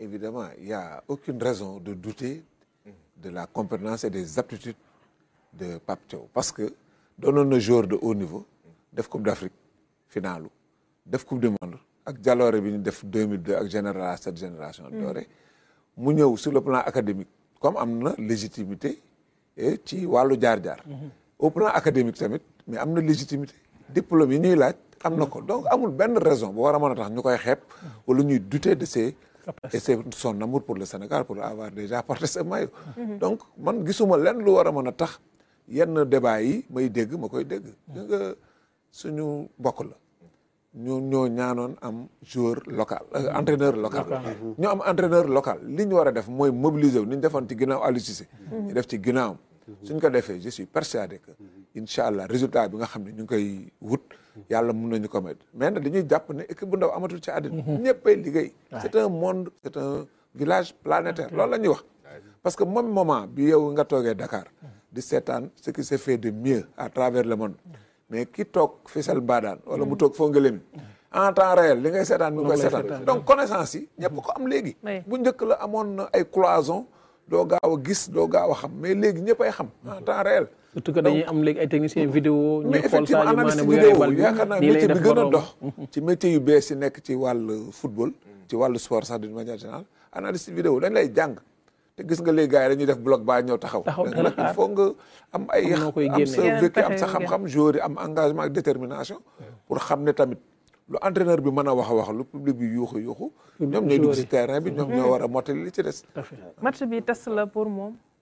évidemment, il n'y a aucune raison de douter de la compétence et des aptitudes de Pape Thiaw parce que dans nos jours de haut niveau la coupe d'Afrique finale, la coupe du monde ak jaloore bi 2002, def 2002 ak général cette génération mm. dorée avons aussi sur le plan académique comme avons la légitimité ci wàllu jaar mm-hmm. au plan académique tamit mais am légitimité diplôme yi ñuy laaj mm-hmm. donc amul raison bu a tax nous koy mm-hmm. wala douter de ces et c'est son amour pour le Sénégal pour avoir déjà porté ce maillot donc man gisuma len lu war a mën a tax yenn débat yi may dégg ma koy dégg suñu bokk la ñu ñoo ñaanoon am joueur local euh, mm-hmm. entraîneur local mm-hmm. ñu am entraîneur local li ñu war a def mooy mobiliser wu ñu defoon ci ginnaaw Aliou Cissé mm-hmm. ñu def ci ginnaawam suñ ko defee je suis persuadé incha allah résultat bi nga xam ne ñu ngi koy wut yàlla mun nañu ko may mais nag dañuy jàpp ne équipe bu ndaw amatul ci àddina mhm. ñëppay liggéey c'est monde c'est village planetaire loolu la ñuy wax parce que moom moment bi yow nga toogee Dakar di seetaan ce qui se fait de mieux à travers le monde mais ki toog Fissel Mbadane wala mu mhm. toog Fongolimbi en temps réel li ngay seetaan mi ngi koy seetaan donc connaissance yi ñëpp ko am léegi bu njëkk la amoon ay cloison doo gaaw gis doo xam mais léegi ñëpp ay xam en surtout que dañuy am léegi ay techniciens vidéo ñu xool bi yaakaar naa métier bi gën ci nekk ci wàllu football ci wàllu sport sax d'une manière générale analyste vidéo dañ lay jàng te gis nga léegi gars yi dañuy def blog ba ñëw taxaw il faut nga am ay am sa vécu am sa xam-xam joueur yi am engagement ak détermination pour xam ne tamit lu entraîneur bi mën a wax a wax lu public bi yuuxu yuuxu ñoom ñooy dugg si terrain bi ñoom ñoo mm-hmm. war a mottali li ci des match bi test la pour moom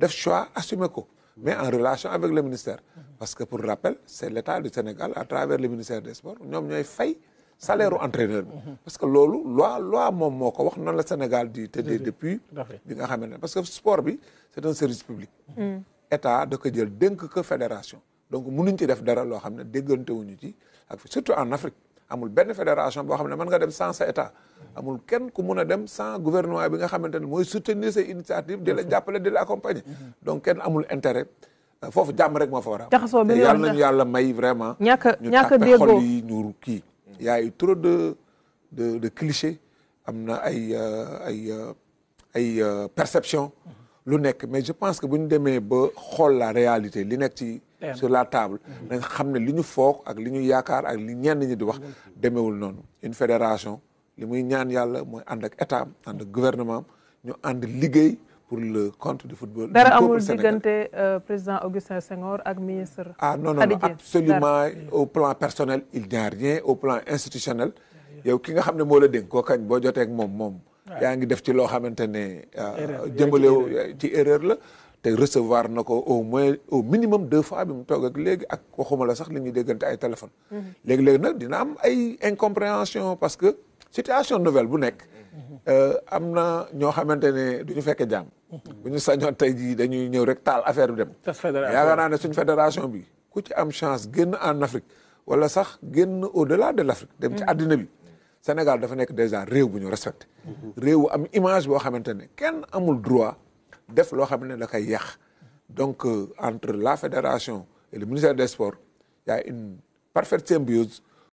def choix assumer ko mais en relation avec le ministère parce que pour rappel c'est l'État du Sénégal à travers le ministère des sports a ñoy fay salaire aux entraîneurs mhm. parce que lolu loi loi mom moko wax non la Sénégal depuis bi nga parce que sport bi c'est un service public mm. état de ko jël dénk que fédération donc mënuñ ci def dara lo xamné déggante wuñu ci surtout en Afrique amul benn fédération boo xam ne nga dem sans sa état amul kenn ku a dem sans gouvernement bi nga xamante ne mooy soutenir ces initiatives di la jàppale accompagner donc kenn amul intérêt euh, rek a yàlla may vraiment ñu tàppe y a eu trop de de de clichés am euh, euh, perception mais je pense que bu ñu ba la réalité sur la table Mais ak ak li une fédération li muy ñaan c'est qu'on état gouvernement pour le compte du football dara le euh, président Augustin Senghor le ministre ah non non absolument au plan personnel il n'y a rien au plan institutionnel yow ki nga la kañ ak euh, erreur te recevoir nako au moins au minimum deux fois bi mu toog ak légui ak waxuma la sax li ñuy déggante ay téléphone légui légui nak dina am ay incompréhension parce que situation nouvelle bu nek mm-hmm. euh amna ño xamantene duñu du ñu buñu jàmm mm-hmm. tay ji dañuy ñëw rek taal affaire bi dem ya naa ne suñ fédération bi ku ci am chance genn en Afrique wala sax genn au delà de l'Afrique dem ci mm-hmm. àddina bi Sénégal dafa nek déjà réew bu ñu respecté réew am image bo xamantene kenn amul droit donc euh, entre la fédération et le ministère des sports il y a une parfaite symbiose